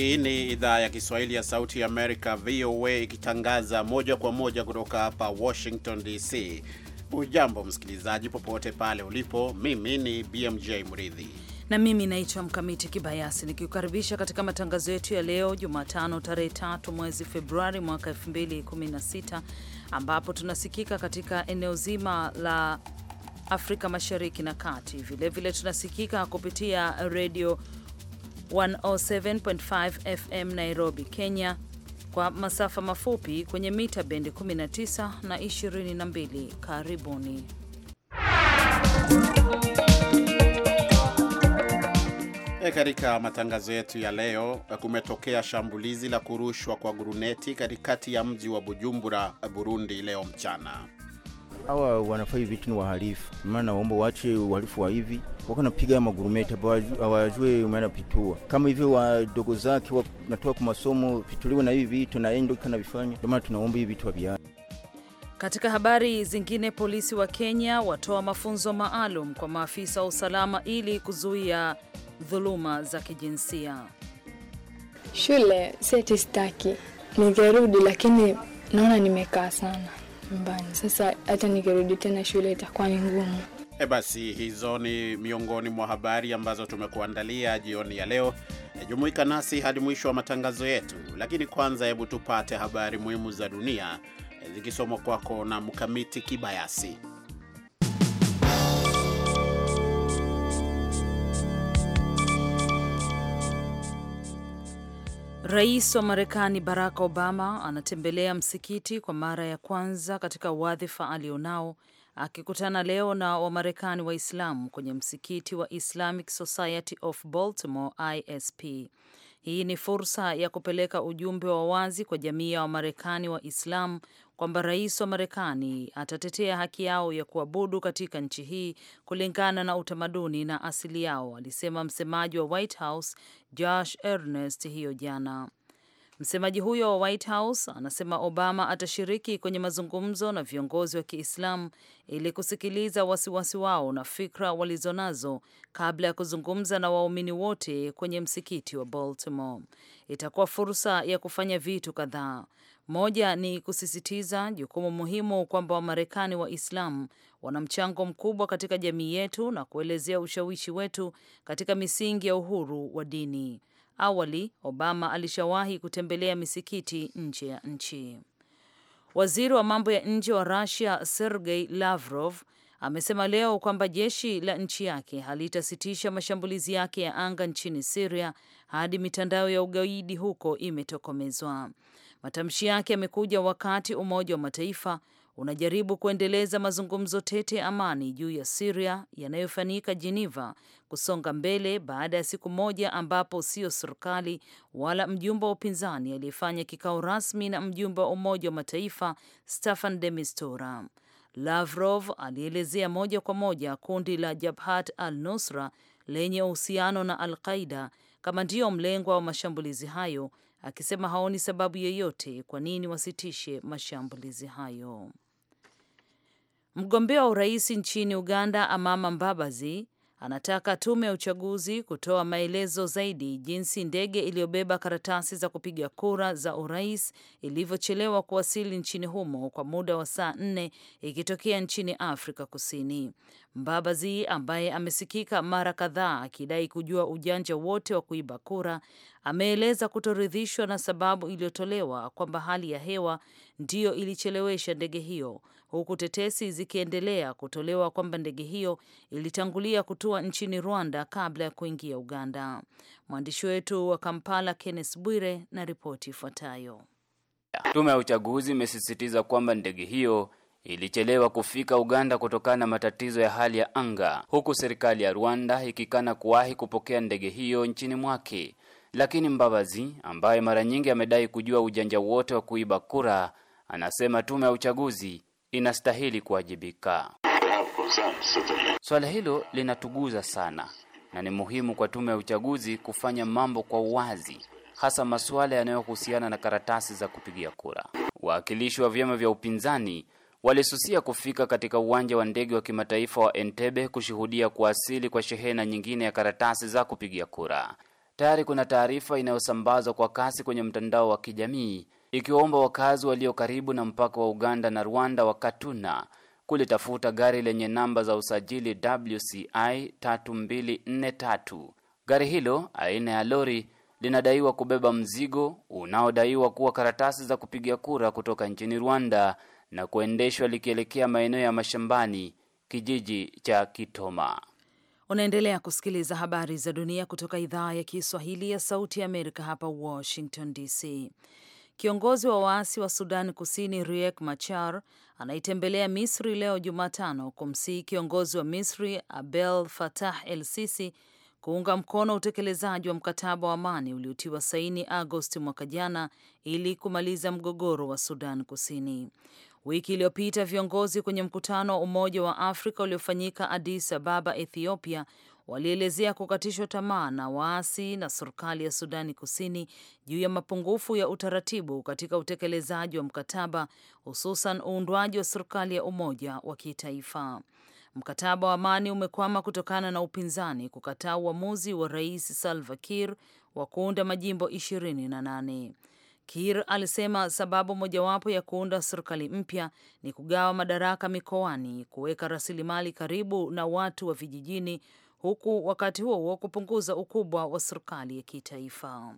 Hii ni idhaa ya Kiswahili ya Sauti Amerika, VOA, ikitangaza moja kwa moja kutoka hapa Washington DC. Ujambo msikilizaji, popote pale ulipo. Mimi ni BMJ Mridhi na mimi naitwa Mkamiti Kibayasi nikiukaribisha katika matangazo yetu ya leo Jumatano tarehe tatu mwezi Februari mwaka 2016 ambapo tunasikika katika eneo zima la Afrika Mashariki na Kati. Vilevile tunasikika kupitia redio 107.5 FM Nairobi, Kenya kwa masafa mafupi kwenye mita bendi 19 na 22. Karibuni. E, katika matangazo yetu ya leo kumetokea shambulizi la kurushwa kwa guruneti katikati ya mji wa Bujumbura, Burundi leo mchana hawa wanafanya vitu ni wahalifu, maana waomba waache uhalifu wa hivi, wako napiga magurumeta, hawajue maana pitua kama hivyo, wadogo zake wanatoa kwa masomo pituliwe na hivi vitu, na yeye ndio kana vifanya. Ndio maana tunaomba hivi vitu waviache. Katika habari zingine, polisi wa Kenya watoa mafunzo maalum kwa maafisa wa usalama ili kuzuia dhuluma za kijinsia. Shule seti staki, ningerudi lakini naona nimekaa sana nyumbani. Sasa hata nikirudi tena shule itakuwa ni ngumu. E, basi hizo ni miongoni mwa habari ambazo tumekuandalia jioni ya leo. E, jumuika nasi hadi mwisho wa matangazo yetu, lakini kwanza, hebu tupate habari muhimu za dunia e, zikisomwa kwako na Mkamiti Kibayasi. Rais wa Marekani Barack Obama anatembelea msikiti kwa mara ya kwanza katika wadhifa alionao, akikutana leo na Wamarekani Waislamu kwenye msikiti wa Islamic Society of Baltimore ISP. Hii ni fursa ya kupeleka ujumbe wa wazi kwa jamii ya Wamarekani wa Islam kwamba rais wa Marekani atatetea haki yao ya kuabudu katika nchi hii kulingana na utamaduni na asili yao, alisema msemaji wa White House Josh Earnest hiyo jana. Msemaji huyo wa White House anasema Obama atashiriki kwenye mazungumzo na viongozi wa Kiislamu ili kusikiliza wasiwasi wao na fikra walizonazo kabla ya kuzungumza na waumini wote kwenye msikiti wa Baltimore. Itakuwa fursa ya kufanya vitu kadhaa. Moja ni kusisitiza jukumu muhimu kwamba Wamarekani Waislamu wana mchango mkubwa katika jamii yetu na kuelezea ushawishi wetu katika misingi ya uhuru wa dini. Awali Obama alishawahi kutembelea misikiti nje ya nchi. Waziri wa mambo ya nje wa rasia Sergei Lavrov amesema leo kwamba jeshi la nchi yake halitasitisha mashambulizi yake ya anga nchini siria hadi mitandao ya ugaidi huko imetokomezwa. Matamshi yake yamekuja wakati Umoja wa Mataifa unajaribu kuendeleza mazungumzo tete ya amani juu ya Siria yanayofanyika Geneva kusonga mbele baada ya siku moja ambapo sio serikali wala mjumbe wa upinzani aliyefanya kikao rasmi na mjumbe wa Umoja wa Mataifa Staffan de Mistura. Lavrov alielezea moja kwa moja kundi la Jabhat al-Nusra lenye uhusiano na Al-Qaida kama ndiyo mlengwa wa mashambulizi hayo, akisema haoni sababu yoyote kwa nini wasitishe mashambulizi hayo. Mgombea wa urais nchini Uganda, Amama Mbabazi, anataka tume ya uchaguzi kutoa maelezo zaidi jinsi ndege iliyobeba karatasi za kupiga kura za urais ilivyochelewa kuwasili nchini humo kwa muda wa saa nne ikitokea nchini Afrika Kusini. Mbabazi ambaye amesikika mara kadhaa akidai kujua ujanja wote wa kuiba kura, ameeleza kutoridhishwa na sababu iliyotolewa kwamba hali ya hewa ndiyo ilichelewesha ndege hiyo, huku tetesi zikiendelea kutolewa kwamba ndege hiyo ilitangulia kutua nchini Rwanda kabla ya kuingia Uganda. Mwandishi wetu wa Kampala Kenneth Bwire na ripoti ifuatayo. Tume ya uchaguzi imesisitiza kwamba ndege hiyo ilichelewa kufika Uganda kutokana na matatizo ya hali ya anga, huku serikali ya Rwanda ikikana kuwahi kupokea ndege hiyo nchini mwake. Lakini Mbabazi ambaye mara nyingi amedai kujua ujanja wote wa kuiba kura, anasema tume ya uchaguzi inastahili kuwajibika. Swala hilo linatuguza sana na ni muhimu kwa tume ya uchaguzi kufanya mambo kwa uwazi, hasa masuala yanayohusiana na karatasi za kupigia kura. Waakilishi wa vyama vya upinzani walisusia kufika katika uwanja wa ndege wa kimataifa wa Entebbe kushuhudia kuwasili kwa shehena nyingine ya karatasi za kupigia kura. Tayari kuna taarifa inayosambazwa kwa kasi kwenye mtandao wa kijamii ikiwaomba wakazi walio karibu na mpaka wa Uganda na Rwanda wa Katuna kulitafuta gari lenye namba za usajili WCI 3243. Gari hilo aina ya lori linadaiwa kubeba mzigo unaodaiwa kuwa karatasi za kupiga kura kutoka nchini Rwanda na kuendeshwa likielekea maeneo ya mashambani kijiji cha Kitoma. Unaendelea kusikiliza habari za dunia kutoka idhaa ya Kiswahili ya Sauti ya Amerika hapa Washington DC. Kiongozi wa waasi wa Sudan Kusini Riek Machar anaitembelea Misri leo Jumatano kumsihi kiongozi wa Misri Abdel Fattah El Sisi kuunga mkono utekelezaji wa mkataba wa amani uliotiwa saini Agosti mwaka jana ili kumaliza mgogoro wa Sudan Kusini. Wiki iliyopita viongozi kwenye mkutano wa Umoja wa Afrika uliofanyika Addis Ababa, Ethiopia, walielezea kukatishwa tamaa na waasi na serikali ya Sudani Kusini juu ya mapungufu ya utaratibu katika utekelezaji wa mkataba, hususan uundwaji wa serikali ya umoja wa kitaifa. Mkataba wa amani umekwama kutokana na upinzani kukataa uamuzi wa Rais Salva Kiir wa kuunda majimbo ishirini na nane. Kiir alisema sababu mojawapo ya kuunda serikali mpya ni kugawa madaraka mikoani, kuweka rasilimali karibu na watu wa vijijini, huku wakati huo wa kupunguza ukubwa wa serikali ya kitaifa.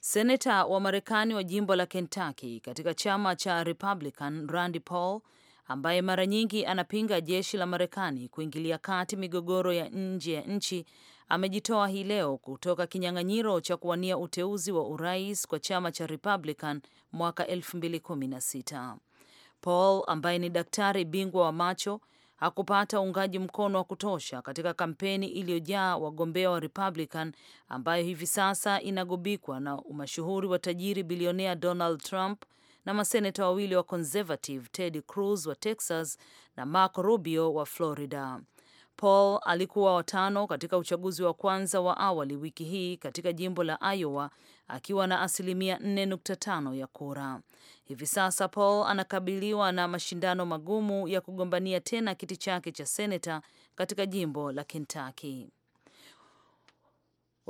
Seneta wa Marekani wa jimbo la Kentucky katika chama cha Republican Randy Paul ambaye mara nyingi anapinga jeshi la Marekani kuingilia kati migogoro ya nje ya nchi amejitoa hii leo kutoka kinyang'anyiro cha kuwania uteuzi wa urais kwa chama cha Republican mwaka 2016. Paul ambaye ni daktari bingwa wa macho hakupata uungaji mkono wa kutosha katika kampeni iliyojaa wagombea wa Republican ambayo hivi sasa inagubikwa na umashuhuri wa tajiri bilionea Donald Trump na maseneta wawili wa conservative Ted Cruz wa Texas na Marco Rubio wa Florida. Paul alikuwa watano katika uchaguzi wa kwanza wa awali wiki hii katika jimbo la Iowa akiwa na asilimia 4.5 ya kura. Hivi sasa Paul anakabiliwa na mashindano magumu ya kugombania tena kiti chake cha seneta katika jimbo la Kentucky.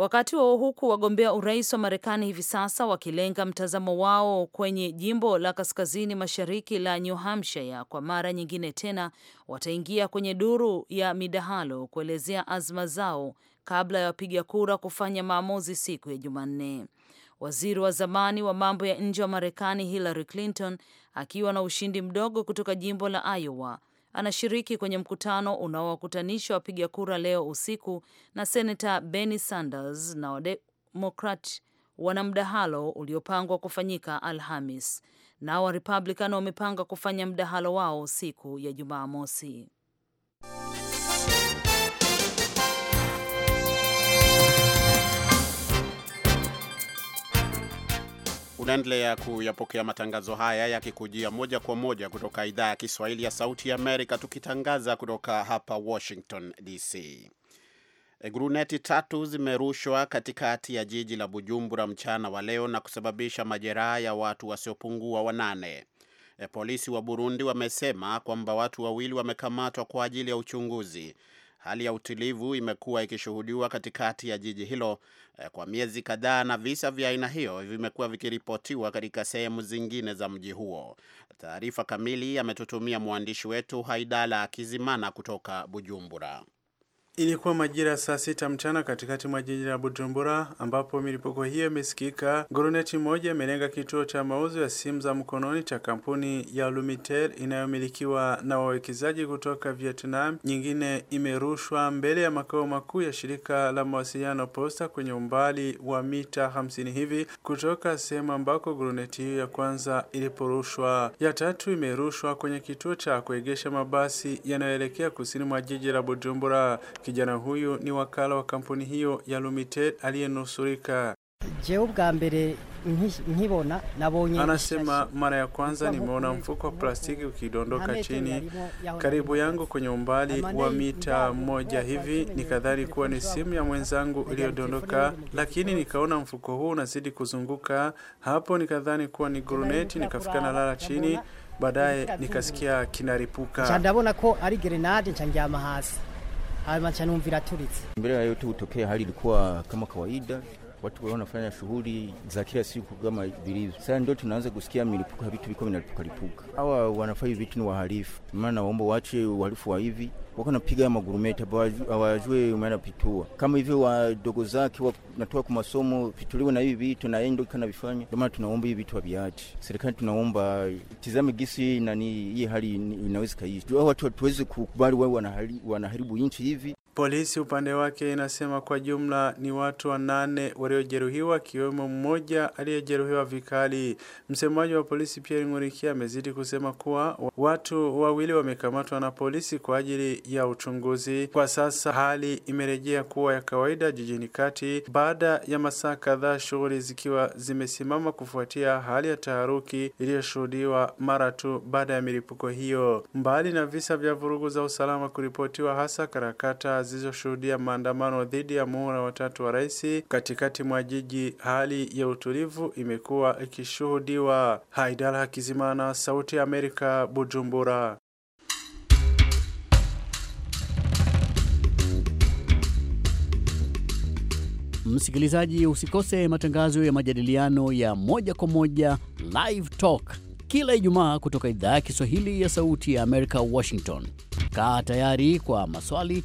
Wakati wa huku wagombea urais wa Marekani hivi sasa wakilenga mtazamo wao kwenye jimbo la kaskazini mashariki la New Hampshire, kwa mara nyingine tena wataingia kwenye duru ya midahalo kuelezea azma zao kabla ya wapiga kura kufanya maamuzi siku ya Jumanne. Waziri wa zamani wa mambo ya nje wa Marekani Hillary Clinton akiwa na ushindi mdogo kutoka jimbo la Iowa anashiriki kwenye mkutano unaowakutanisha wapiga kura leo usiku na Senata Bernie Sanders na Wademokrat wana mdahalo uliopangwa kufanyika Alhamis. Nao Warepublican wamepanga kufanya mdahalo wao siku ya Jumamosi. Unaendelea kuyapokea matangazo haya yakikujia moja kwa moja kutoka idhaa ya Kiswahili ya Sauti ya Amerika, tukitangaza kutoka hapa Washington DC. E, gruneti tatu zimerushwa katikati ya jiji la Bujumbura mchana wa leo na kusababisha majeraha ya watu wasiopungua wanane. E, polisi wa Burundi wamesema kwamba watu wawili wamekamatwa kwa ajili ya uchunguzi hali ya utulivu imekuwa ikishuhudiwa katikati ya jiji hilo eh, kwa miezi kadhaa, na visa vya aina hiyo vimekuwa vikiripotiwa katika sehemu zingine za mji huo. Taarifa kamili ametutumia mwandishi wetu Haidala Kizimana kutoka Bujumbura. Ilikuwa majira saa sita mchana katikati mwa jiji la Bujumbura ambapo milipuko hiyo imesikika. Guruneti moja imelenga kituo cha mauzo ya simu za mkononi cha kampuni ya Lumitel inayomilikiwa na wawekezaji kutoka Vietnam. Nyingine imerushwa mbele ya makao makuu ya shirika la mawasiliano Posta kwenye umbali wa mita hamsini hivi kutoka sehemu ambako guruneti hiyo ya kwanza iliporushwa. Ya tatu imerushwa kwenye kituo cha kuegesha mabasi yanayoelekea kusini mwa jiji la Bujumbura. Kijana huyu ni wakala wa kampuni hiyo ya Lumitel aliyenusurika. Anasema mara ya kwanza nimeona mfuko wa plastiki ukidondoka chini karibu yangu kwenye umbali wa mita moja hivi, nikadhani kuwa ni simu ya mwenzangu iliyodondoka, lakini nikaona mfuko huu unazidi kuzunguka. Hapo nikadhani kuwa ni gruneti, nikafika na lala chini, baadaye nikasikia kinaripuka haya macha numvira tulizi. Mbele ya yote utokea, hali ilikuwa kama kawaida, watu wao wanafanya shughuli za kila siku kama vilivyo. Sasa ndio tunaanza kusikia milipuko, ya vitu viko vinalipuka lipuka. Hawa wanafanya vitu ni wahalifu, maana naomba waache uhalifu wa hivi wako napiga magurumeta hawajue umeana pitua kama hivyo wadogo zake wanatoa kwa masomo vituliwe na hivi vitu na yeye ndio kana vifanya. Ndio maana tunaomba hivi vitu haviache serikali, tunaomba tizame gisi nani hii hali inaweza kaishi. Watu watuweze kukubali wao wanaharibu nchi hivi Polisi upande wake inasema kwa jumla ni watu wanane waliojeruhiwa akiwemo mmoja aliyejeruhiwa vikali. Msemaji wa polisi Pierre Ngurikia amezidi kusema kuwa watu wawili wamekamatwa na polisi kwa ajili ya uchunguzi. Kwa sasa hali imerejea kuwa ya kawaida jijini kati baada ya masaa kadhaa shughuli zikiwa zimesimama kufuatia hali ya taharuki iliyoshuhudiwa mara tu baada ya milipuko hiyo. Mbali na visa vya vurugu za usalama kuripotiwa hasa karakata zilizoshuhudia maandamano dhidi ya muhula watatu wa rais. Katikati mwa jiji hali ya utulivu imekuwa ikishuhudiwa. Haidara Hakizimana, Sauti ya Amerika, Bujumbura. Msikilizaji, usikose matangazo ya majadiliano ya moja kwa moja Live Talk kila Ijumaa kutoka idhaa ya Kiswahili ya Sauti ya Amerika, Washington. Kaa tayari kwa maswali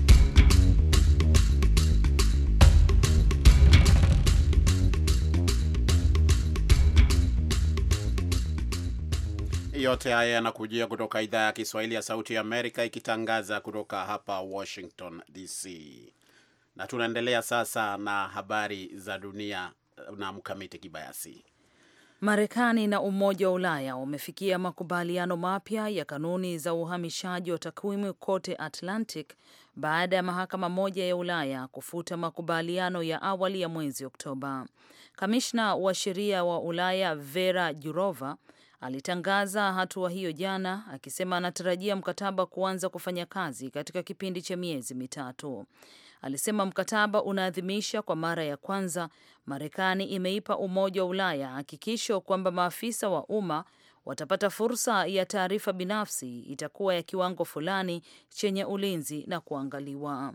Yote haya yanakujia kutoka idhaa ya Kiswahili ya Sauti ya Amerika, ikitangaza kutoka hapa Washington DC. Na tunaendelea sasa na habari za dunia na Mkamiti Kibayasi. Marekani na Umoja wa Ulaya wamefikia makubaliano mapya ya kanuni za uhamishaji wa takwimu kote Atlantic baada ya mahakama moja ya Ulaya kufuta makubaliano ya awali ya mwezi Oktoba. Kamishna wa sheria wa Ulaya Vera Jurova alitangaza hatua hiyo jana, akisema anatarajia mkataba kuanza kufanya kazi katika kipindi cha miezi mitatu. Alisema mkataba unaadhimisha kwa mara ya kwanza Marekani imeipa Umoja wa Ulaya hakikisho kwamba maafisa wa umma watapata fursa ya taarifa binafsi itakuwa ya kiwango fulani chenye ulinzi na kuangaliwa.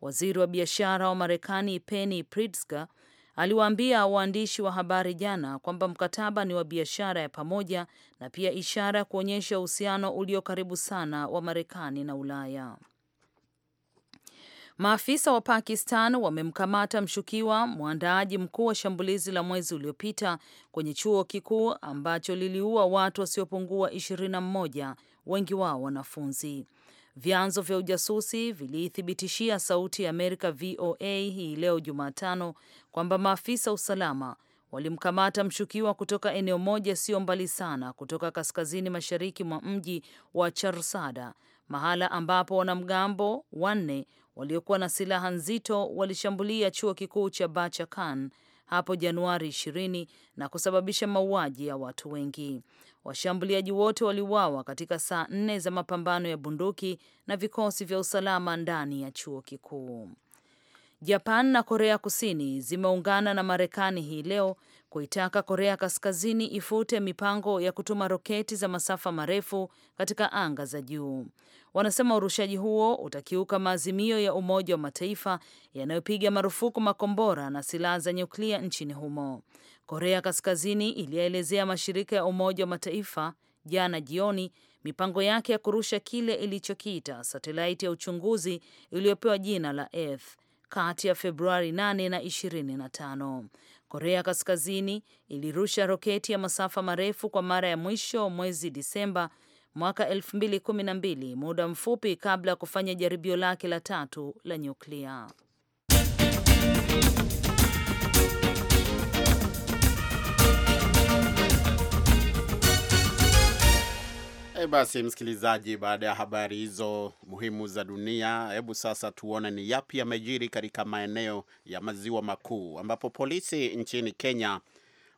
Waziri wa biashara wa Marekani Penny Pritzker aliwaambia waandishi wa habari jana kwamba mkataba ni wa biashara ya pamoja na pia ishara ya kuonyesha uhusiano ulio karibu sana wa Marekani na Ulaya. Maafisa wa Pakistan wamemkamata mshukiwa mwandaaji mkuu wa shambulizi la mwezi uliopita kwenye chuo kikuu ambacho liliua watu wasiopungua 21, wengi wao wanafunzi. Vyanzo vya ujasusi viliithibitishia Sauti ya Amerika VOA hii leo Jumatano kwamba maafisa usalama walimkamata mshukiwa kutoka eneo moja sio mbali sana kutoka kaskazini mashariki mwa mji wa Charsada, mahala ambapo wanamgambo wanne waliokuwa na silaha nzito walishambulia chuo kikuu cha Bacha Khan hapo Januari 20 na kusababisha mauaji ya watu wengi. Washambuliaji wote waliuawa katika saa nne za mapambano ya bunduki na vikosi vya usalama ndani ya chuo kikuu. Japan na Korea Kusini zimeungana na Marekani hii leo kuitaka Korea Kaskazini ifute mipango ya kutuma roketi za masafa marefu katika anga za juu. Wanasema urushaji huo utakiuka maazimio ya Umoja wa Mataifa yanayopiga marufuku makombora na silaha za nyuklia nchini humo. Korea Kaskazini iliyaelezea mashirika ya Umoja wa Mataifa jana jioni mipango yake ya kurusha kile ilichokiita satelaiti ya uchunguzi iliyopewa jina la Earth kati ya Februari 8 na 25. Korea Kaskazini ilirusha roketi ya masafa marefu kwa mara ya mwisho mwezi Disemba mwaka 2012, muda mfupi kabla ya kufanya jaribio lake la tatu la nyuklia. E basi, msikilizaji, baada ya habari hizo muhimu za dunia, hebu sasa tuone ni yapi yamejiri katika maeneo ya maziwa makuu, ambapo polisi nchini Kenya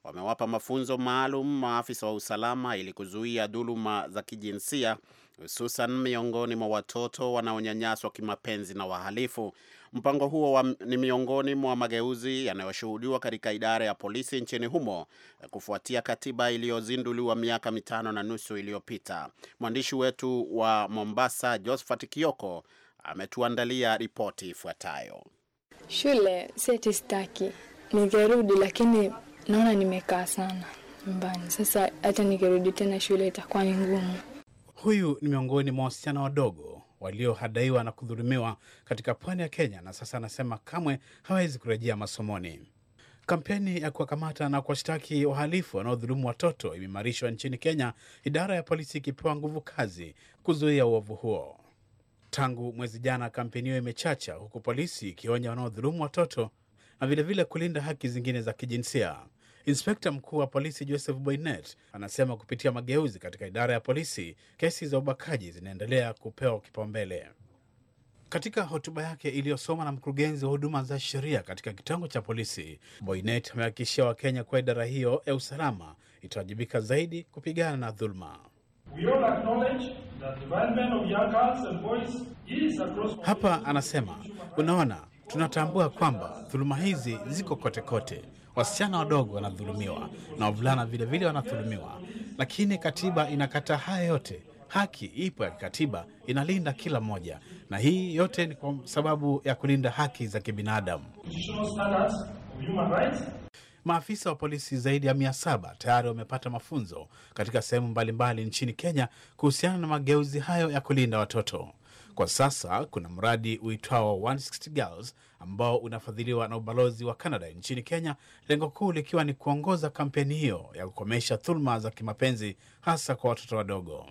wamewapa mafunzo maalum maafisa wa usalama ili kuzuia dhuluma za kijinsia hususan miongoni mwa watoto wanaonyanyaswa kimapenzi na wahalifu. Mpango huo wa, ni miongoni mwa mageuzi yanayoshuhudiwa katika idara ya polisi nchini humo eh, kufuatia katiba iliyozinduliwa miaka mitano na nusu iliyopita. Mwandishi wetu wa Mombasa, Josephat Kioko, ametuandalia ripoti ifuatayo. Shule seti staki, nikirudi lakini naona nimekaa sana nyumbani. Sasa hata nikirudi tena shule itakuwa ni ngumu. Huyu ni miongoni mwa wasichana wadogo waliohadaiwa na kudhulumiwa katika pwani ya Kenya, na sasa anasema kamwe hawezi kurejea masomoni. Kampeni ya kuwakamata na kuwashtaki wahalifu wanaodhulumu watoto imeimarishwa nchini Kenya, idara ya polisi ikipewa nguvu kazi kuzuia uovu huo. Tangu mwezi jana, kampeni hiyo imechacha, huku polisi ikionya wanaodhulumu watoto na vilevile vile kulinda haki zingine za kijinsia. Inspekta mkuu wa polisi Joseph Boynet anasema kupitia mageuzi katika idara ya polisi, kesi za ubakaji zinaendelea kupewa kipaumbele. Katika hotuba yake iliyosoma na mkurugenzi wa huduma za sheria katika kitengo cha polisi, Boynet amehakikishia Wakenya kuwa idara hiyo ya usalama itawajibika zaidi kupigana na dhuluma. Hapa anasema, unaona, tunatambua kwamba dhuluma hizi ziko kote kote wasichana wadogo wanadhulumiwa na wavulana vilevile wanadhulumiwa, lakini katiba inakata haya yote. Haki ipo ya kikatiba, inalinda kila mmoja, na hii yote ni kwa sababu ya kulinda haki za kibinadamu. Maafisa wa polisi zaidi ya mia saba tayari wamepata mafunzo katika sehemu mbalimbali nchini Kenya kuhusiana na mageuzi hayo ya kulinda watoto. Kwa sasa kuna mradi uitwao 160 Girls ambao unafadhiliwa na ubalozi wa Canada nchini Kenya, lengo kuu likiwa ni kuongoza kampeni hiyo ya kukomesha thuluma za kimapenzi hasa kwa watoto wadogo.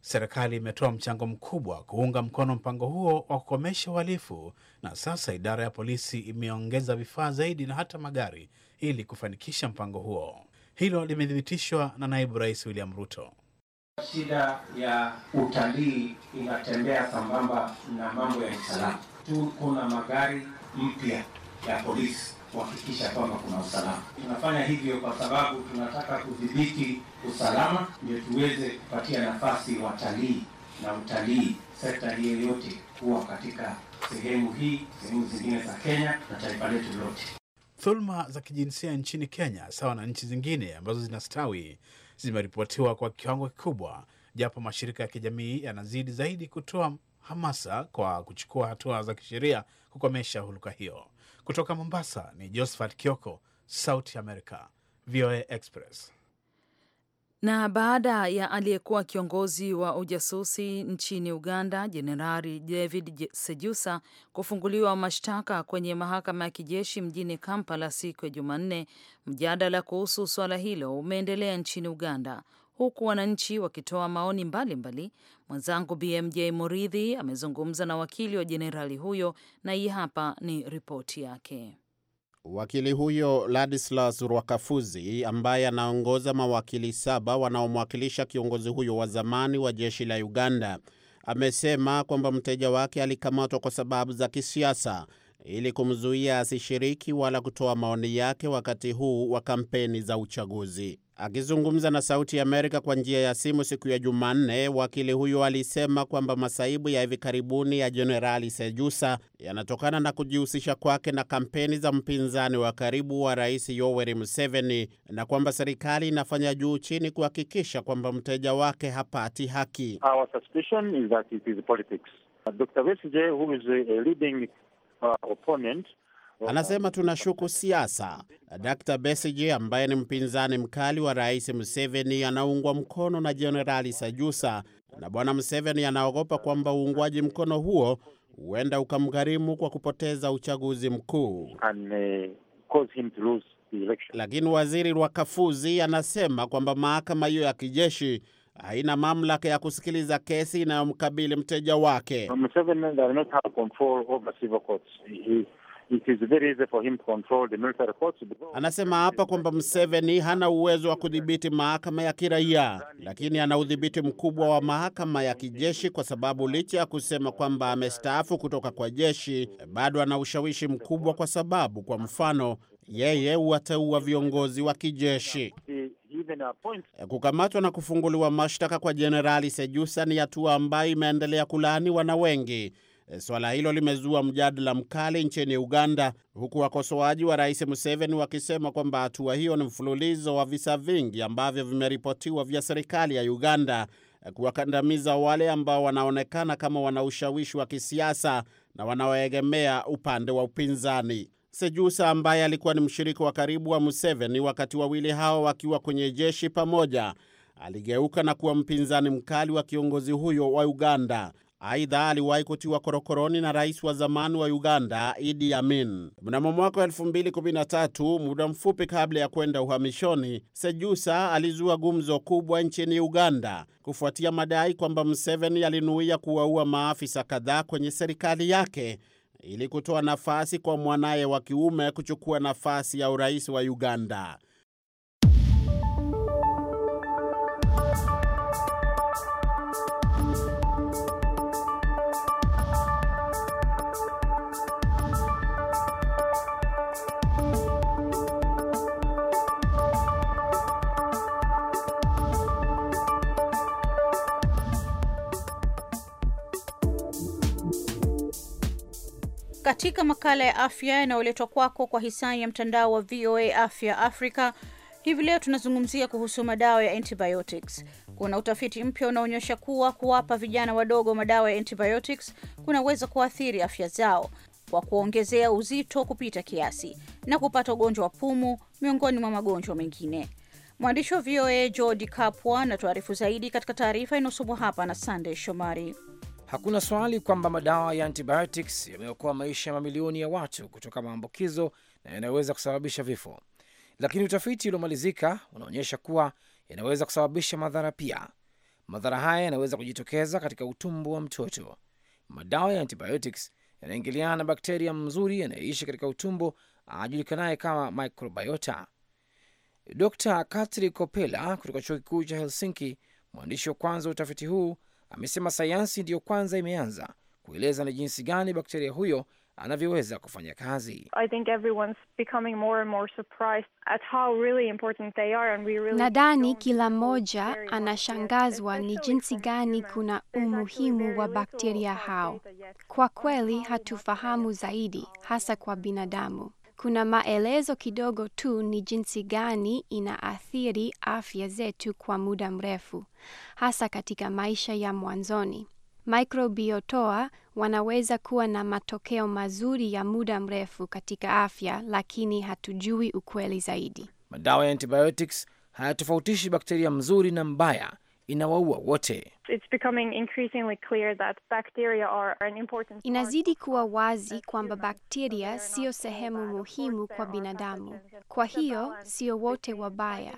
Serikali imetoa mchango mkubwa kuunga mkono mpango huo wa kukomesha uhalifu, na sasa idara ya polisi imeongeza vifaa zaidi na hata magari ili kufanikisha mpango huo. Hilo limethibitishwa na naibu rais William Ruto. Shida ya utalii inatembea sambamba na mambo ya usalama tu. Kuna magari mpya ya polisi kuhakikisha kwamba kuna usalama. Tunafanya hivyo kwa sababu tunataka kudhibiti usalama, ndio tuweze kupatia nafasi watalii na utalii, sekta hiyo yote kuwa katika sehemu hii, sehemu zingine za Kenya na taifa letu lote. Dhuluma za kijinsia nchini Kenya, sawa na nchi zingine ambazo zinastawi zimeripotiwa kwa kiwango kikubwa, japo mashirika ya kijamii yanazidi zaidi kutoa hamasa kwa kuchukua hatua za kisheria kukomesha huluka hiyo. Kutoka Mombasa ni Josephat Kioko, Sauti America, VOA Express. Na baada ya aliyekuwa kiongozi wa ujasusi nchini Uganda Jenerali David Sejusa kufunguliwa mashtaka kwenye mahakama ya kijeshi mjini Kampala siku ya Jumanne, mjadala kuhusu suala hilo umeendelea nchini Uganda huku wananchi wakitoa maoni mbalimbali Mwenzangu BMJ Muridhi amezungumza na wakili wa jenerali huyo na hii hapa ni ripoti yake. Wakili huyo Ladislas Rwakafuzi ambaye anaongoza mawakili saba wanaomwakilisha kiongozi huyo wa zamani wa jeshi la Uganda amesema kwamba mteja wake alikamatwa kwa sababu za kisiasa ili kumzuia asishiriki wala kutoa maoni yake wakati huu wa kampeni za uchaguzi. Akizungumza na Sauti ya Amerika kwa njia ya simu siku ya Jumanne, wakili huyo alisema kwamba masaibu ya hivi karibuni ya Jenerali Sejusa yanatokana na kujihusisha kwake na kampeni za mpinzani wa karibu wa Rais Yoweri Museveni na kwamba serikali inafanya juu chini kuhakikisha kwamba mteja wake hapati haki. Our suspicion is that it is politics. Dr. Besigye, who is a leading, uh, opponent, Anasema tunashuku siasa. Dr Besigye ambaye ni mpinzani mkali wa Rais Museveni anaungwa mkono na Jenerali Sajusa, na Bwana Museveni anaogopa kwamba uungwaji mkono huo huenda ukamgharimu kwa kupoteza uchaguzi mkuu And, uh, lakini waziri Rwakafuzi anasema kwamba mahakama hiyo ya kijeshi haina mamlaka ya kusikiliza kesi inayomkabili mteja wake. Anasema hapa kwamba mseveni hana uwezo wa kudhibiti mahakama ya kiraia, lakini ana udhibiti mkubwa wa mahakama ya kijeshi, kwa sababu licha ya kusema kwamba amestaafu kutoka kwa jeshi, bado ana ushawishi mkubwa, kwa sababu kwa mfano yeye huwateua viongozi wa kijeshi. Kukamatwa na kufunguliwa mashtaka kwa Jenerali Sejusa ni hatua ambayo imeendelea kulaaniwa na wengi Eh, swala hilo limezua mjadala mkali nchini Uganda, huku wakosoaji wa rais Museveni wakisema kwamba hatua hiyo ni mfululizo wa visa vingi ambavyo vimeripotiwa vya serikali ya Uganda eh, kuwakandamiza wale ambao wanaonekana kama wana ushawishi wa kisiasa na wanaoegemea upande wa upinzani. Sejusa ambaye alikuwa ni mshiriki wa karibu wa Museveni wakati wawili hao wakiwa kwenye jeshi pamoja, aligeuka na kuwa mpinzani mkali wa kiongozi huyo wa Uganda. Aidha, aliwahi kutiwa korokoroni na rais wa zamani wa Uganda Idi Amin. Mnamo mwaka 2013, muda mfupi kabla ya kwenda uhamishoni, Sejusa alizua gumzo kubwa nchini Uganda kufuatia madai kwamba Museveni alinuia kuwaua maafisa kadhaa kwenye serikali yake ili kutoa nafasi kwa mwanaye wa kiume kuchukua nafasi ya urais wa Uganda. katika makala ya afya yanayoletwa kwako kwa hisani ya mtandao wa VOA Afya Africa. Hivi leo tunazungumzia kuhusu madawa ya antibiotics. Kuna utafiti mpya unaonyesha kuwa kuwapa vijana wadogo madawa ya antibiotics kunaweza kuathiri afya zao kwa kuongezea uzito kupita kiasi na kupata ugonjwa wa pumu miongoni mwa magonjwa mengine. Mwandishi wa VOA Jordi Kapwa anatuarifu zaidi katika taarifa inayosomwa hapa na Sandey Shomari. Hakuna swali kwamba madawa ya antibiotics yameokoa maisha ya mamilioni ya watu kutoka maambukizo na yanayoweza kusababisha vifo, lakini utafiti uliomalizika unaonyesha kuwa yanaweza kusababisha madhara pia. Madhara haya yanaweza kujitokeza katika utumbo wa mtoto. Madawa ya antibiotics yanaingiliana na bakteria mzuri yanayeishi katika utumbo anajulikanaye kama microbiota. Dr Katri Kopela kutoka chuo kikuu cha Helsinki, mwandishi wa kwanza wa utafiti huu amesema sayansi ndiyo kwanza imeanza kueleza ni jinsi gani bakteria huyo anavyoweza kufanya kazi. nadhani kila mmoja anashangazwa ni jinsi gani kuna umuhimu wa bakteria hao. Kwa kweli hatufahamu zaidi, hasa kwa binadamu. Kuna maelezo kidogo tu ni jinsi gani inaathiri afya zetu kwa muda mrefu, hasa katika maisha ya mwanzoni. Mikrobiotoa wanaweza kuwa na matokeo mazuri ya muda mrefu katika afya, lakini hatujui ukweli zaidi. Madawa ya antibiotics hayatofautishi bakteria mzuri na mbaya inawaua wote. Inazidi kuwa wazi kwamba bakteria siyo sehemu muhimu kwa binadamu, kwa hiyo sio wote wabaya,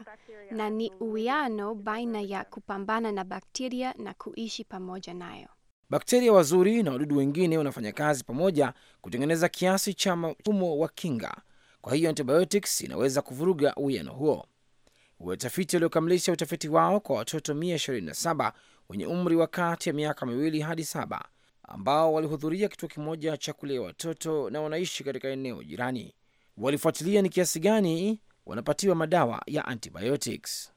na ni uwiano baina ya kupambana na bakteria na kuishi pamoja nayo. Bakteria wazuri na wadudu wengine wanafanya kazi pamoja kutengeneza kiasi cha mfumo wa kinga, kwa hiyo antibiotics inaweza kuvuruga uwiano huo. Watafiti waliokamilisha utafiti wao kwa watoto 127 wenye umri wa kati ya miaka miwili hadi saba ambao walihudhuria kituo kimoja cha kulea watoto na wanaishi katika eneo jirani, walifuatilia ni kiasi gani wanapatiwa madawa ya antibiotics.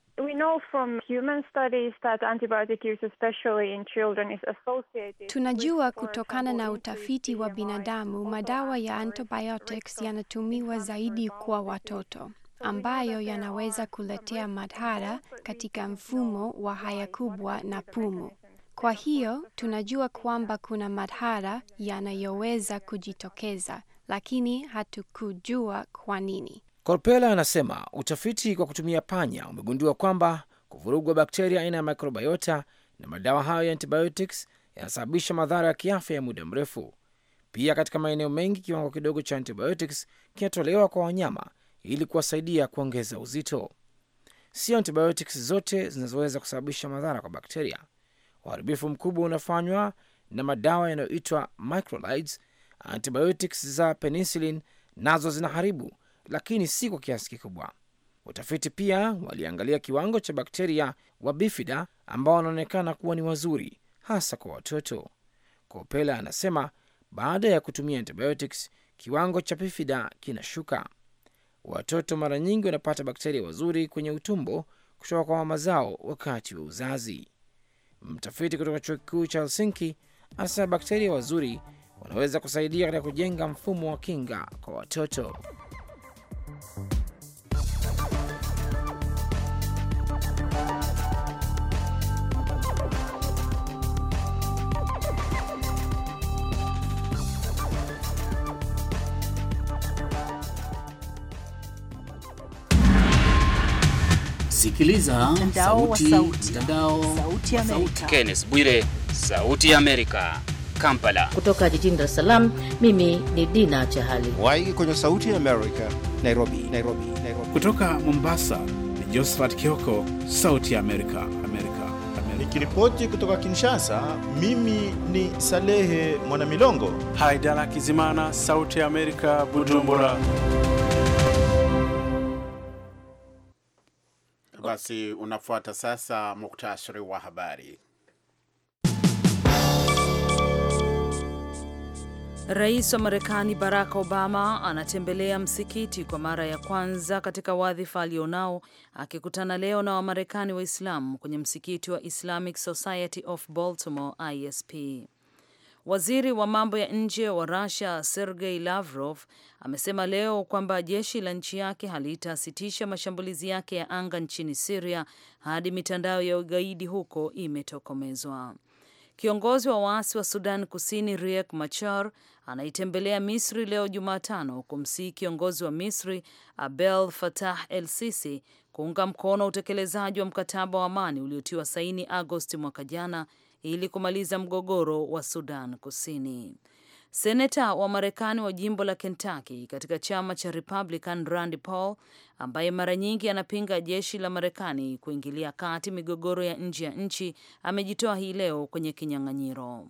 Tunajua kutokana na utafiti wa binadamu, madawa ya antibiotics yanatumiwa zaidi kwa watoto ambayo yanaweza kuletea madhara katika mfumo wa haya kubwa na pumu. Kwa hiyo tunajua kwamba kuna madhara yanayoweza kujitokeza, lakini hatukujua kwa nini. Korpela anasema utafiti kwa kutumia panya umegundua kwamba kuvurugwa bakteria aina ya microbiota na madawa hayo ya antibiotics yanasababisha madhara ya kiafya ya muda mrefu. Pia katika maeneo mengi, kiwango kidogo cha antibiotics kinatolewa kwa wanyama ili kuwasaidia kuongeza uzito. Sio antibiotics zote zinazoweza kusababisha madhara kwa bakteria. Uharibifu mkubwa unafanywa na madawa yanayoitwa microlides. Antibiotics za penicillin nazo zinaharibu, lakini si kwa kiasi kikubwa. utafiti pia waliangalia kiwango cha bakteria wa bifida ambao wanaonekana kuwa ni wazuri hasa kwa watoto. Kopela anasema baada ya kutumia antibiotics kiwango cha bifida kinashuka. Watoto mara nyingi wanapata bakteria wazuri kwenye utumbo kutoka kwa mama zao wakati wa uzazi. Mtafiti kutoka chuo kikuu cha Helsinki anasema bakteria wazuri wanaweza kusaidia katika kujenga mfumo wa kinga kwa watoto. Sikiliza mtandao wa sauti, ya Amerika. Kenneth Bwire, Sauti ya Amerika, Kampala. Kutoka jijini Dar es Salaam, mimi ni Dina Chahali Waiki kwenye Sauti ya Amerika, Nairobi, Nairobi, Nairobi. Kutoka Mombasa ni Josephat Kioko, Sauti ya Amerika, Amerika. Nikiripoti kutoka Kinshasa, mimi ni Salehe Mwanamilongo. Haidara Kizimana, Sauti ya Amerika, Bujumbura. basi unafuata sasa muktasari wa habari. Rais wa Marekani Barack Obama anatembelea msikiti kwa mara ya kwanza katika wadhifa alionao, akikutana leo na Wamarekani Waislamu kwenye msikiti wa Islamic Society of Baltimore ISP. Waziri wa mambo ya nje wa Russia Sergei Lavrov amesema leo kwamba jeshi la nchi yake halitasitisha mashambulizi yake ya anga nchini siria hadi mitandao ya ugaidi huko imetokomezwa. Kiongozi wa waasi wa Sudan Kusini Riek Machar anaitembelea Misri leo Jumatano kumsihi kiongozi wa Misri Abdel Fattah El Sisi kuunga mkono utekelezaji wa mkataba wa amani uliotiwa saini Agosti mwaka jana ili kumaliza mgogoro wa Sudan Kusini. Seneta wa Marekani wa jimbo la Kentucky katika chama cha Republican Rand Paul, ambaye mara nyingi anapinga jeshi la Marekani kuingilia kati migogoro ya nje ya nchi, amejitoa hii leo kwenye kinyang'anyiro.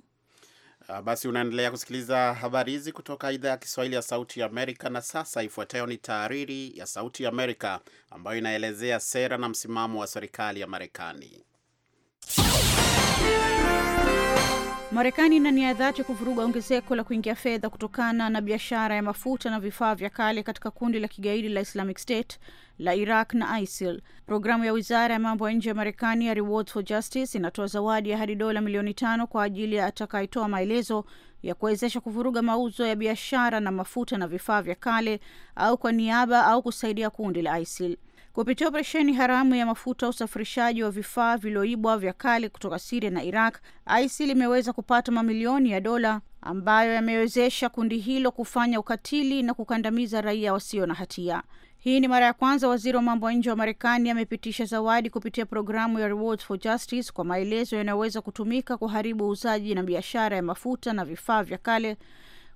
Ah, basi unaendelea kusikiliza habari hizi kutoka idhaa ya Kiswahili ya Sauti ya Amerika. Na sasa ifuatayo ni tahariri ya Sauti ya Amerika ambayo inaelezea sera na msimamo wa serikali ya Marekani. Marekani ina nia ya dhati kuvuruga ongezeko la kuingia fedha kutokana na biashara ya mafuta na vifaa vya kale katika kundi la kigaidi la Islamic State la Iraq na ISIL. Programu ya wizara ya mambo ya nje ya Marekani ya Rewards for Justice inatoa zawadi ya hadi dola milioni tano kwa ajili ya atakayetoa maelezo ya kuwezesha kuvuruga mauzo ya biashara na mafuta na vifaa vya kale au kwa niaba au kusaidia kundi la ISIL kupitia operesheni haramu ya mafuta, usafirishaji wa vifaa vilioibwa vya kale kutoka Siria na Iraq, ISIL imeweza kupata mamilioni ya dola ambayo yamewezesha kundi hilo kufanya ukatili na kukandamiza raia wasio na hatia. Hii ni mara ya kwanza waziri wa mambo ya nje wa Marekani amepitisha zawadi kupitia programu ya Rewards for Justice kwa maelezo yanayoweza kutumika kuharibu uuzaji na biashara ya mafuta na vifaa vya kale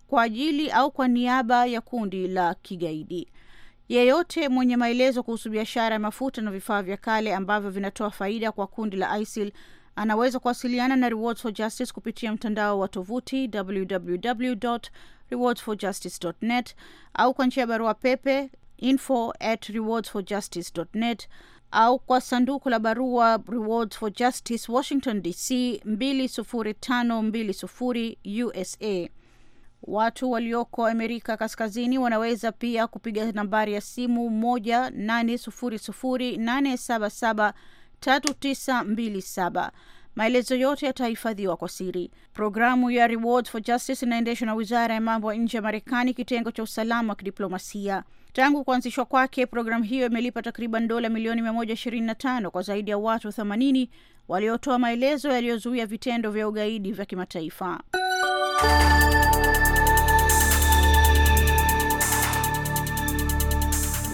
kwa ajili au kwa niaba ya kundi la kigaidi. Yeyote mwenye maelezo kuhusu biashara ya mafuta na vifaa vya kale ambavyo vinatoa faida kwa kundi la ISIL anaweza kuwasiliana na Rewards for Justice kupitia mtandao wa tovuti www justice net au kwa njia ya barua pepe info at rewardsforjustice net au kwa sanduku la barua Rewards for Justice, Washington DC 20520 USA. Watu walioko Amerika Kaskazini wanaweza pia kupiga nambari ya simu moja nane 8 sufuri Maelezo yote yatahifadhiwa kwa siri. Programu ya Rewards for Justice inaendeshwa na wizara ya mambo ya nje ya Marekani, kitengo cha usalama wa kidiplomasia. Tangu kuanzishwa kwake, programu hiyo imelipa takriban dola milioni 125 kwa zaidi ya watu 80 waliotoa maelezo yaliyozuia vitendo vya ugaidi vya kimataifa.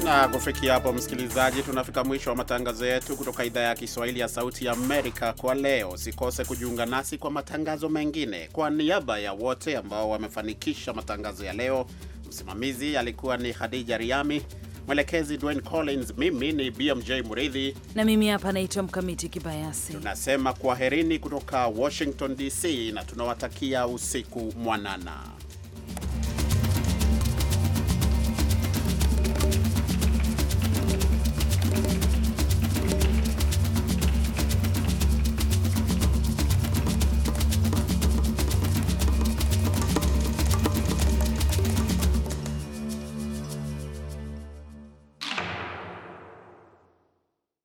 Na kufikia hapo, msikilizaji, tunafika mwisho wa matangazo yetu kutoka idhaa ya Kiswahili ya Sauti ya Amerika kwa leo. Usikose kujiunga nasi kwa matangazo mengine. Kwa niaba ya wote ambao wamefanikisha matangazo ya leo, msimamizi alikuwa ni Khadija Riami, mwelekezi Dwayne Collins, mimi ni BMJ Muridhi na mimi hapa naitwa Mkamiti Kibayasi. Tunasema kwaherini kutoka Washington DC na tunawatakia usiku mwanana.